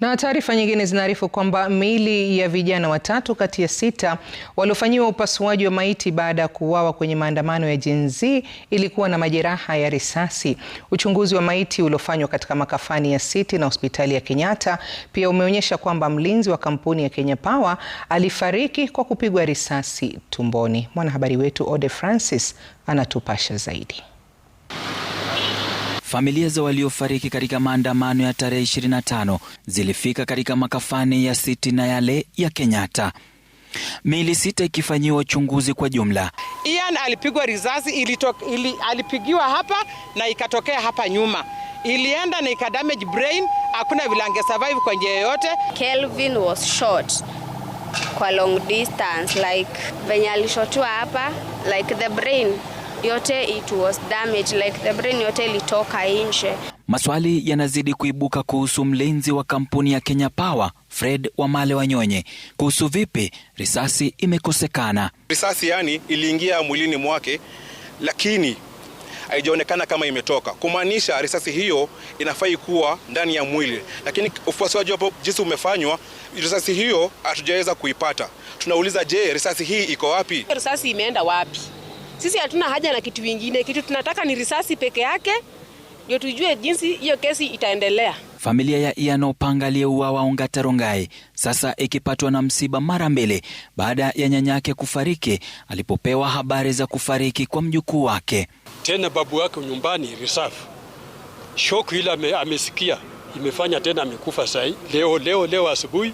Na taarifa nyingine zinaarifu kwamba miili ya vijana watatu kati ya sita waliofanyiwa upasuaji wa maiti baada ya kuuawa kwenye maandamano ya Gen Z ilikuwa na majeraha ya risasi. Uchunguzi wa maiti uliofanywa katika makafani ya City na hospitali ya Kenyatta pia umeonyesha kwamba mlinzi wa kampuni ya Kenya Power alifariki kwa kupigwa risasi tumboni. Mwanahabari wetu Ode Francis anatupasha zaidi. Familia za waliofariki katika maandamano ya tarehe 25 zilifika katika makafani ya City na yale ya Kenyatta, miili sita ikifanyiwa uchunguzi kwa jumla. Ian alipigwa risasi ili, alipigiwa hapa na ikatokea hapa nyuma, ilienda na ikadamage brain. Hakuna vile ange survive kwa njia yoyote. Kelvin was shot kwa long distance like venye alishotua hapa like the brain yote it was damaged like the brain yote ilitoka nje. Maswali yanazidi kuibuka kuhusu mlinzi wa kampuni ya Kenya Power Fred Wamale Wanyonye kuhusu vipi risasi imekosekana. Risasi yani iliingia mwilini mwake, lakini haijaonekana kama imetoka, kumaanisha risasi hiyo inafai kuwa ndani ya mwili, lakini ufuasiwaji wapo jinsi umefanywa, risasi hiyo hatujaweza kuipata. Tunauliza, je, risasi hii iko wapi? Risasi imeenda wapi? Sisi hatuna haja na kitu kingine, kitu tunataka ni risasi peke yake ndio tujue jinsi hiyo kesi itaendelea. Familia ya Ian Opanga aliyeuawa Ongata Rongai sasa ikipatwa na msiba mara mbili baada ya nyanyake kufariki alipopewa habari za kufariki kwa mjukuu wake. Tena babu wake nyumbani risafu, shoku ile amesikia imefanya tena amekufa sahi leo, leo, leo asubuhi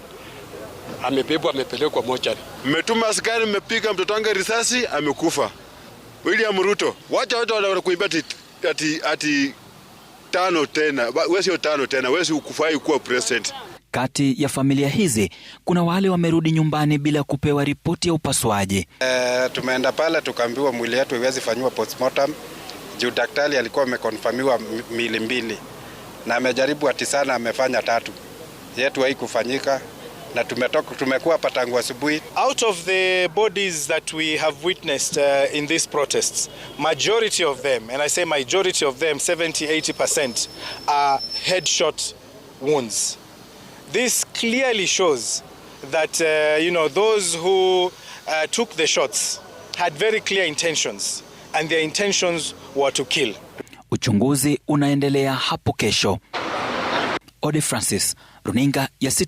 amebebwa amepelekwa mochari. Mmetuma askari, mmepiga mtoto wangu risasi, amekufa. William Ruto, wacha watu wanakuimbia ati ati tano tena, wewe sio tano tena, wewe ukufai kuwa president. Kati ya familia hizi kuna wale wamerudi nyumbani bila kupewa ripoti ya upasuaji. E, tumeenda pale tukaambiwa mwili yetu iwezi fanyiwa postmortem juu daktari alikuwa amekonfamiwa mili mbili na amejaribu ati sana amefanya tatu, yetu haikufanyika na tumetoka tumekuwa hapa tangu asubuhi. Out of the bodies that we have witnessed uh, in these protests, majority of them, and I say majority of them, 70 80% are headshot wounds. This clearly shows that uh, you know those who uh, took the shots had very clear intentions and their intentions were to kill. Uchunguzi unaendelea hapo kesho. Ode Francis, Runinga ya City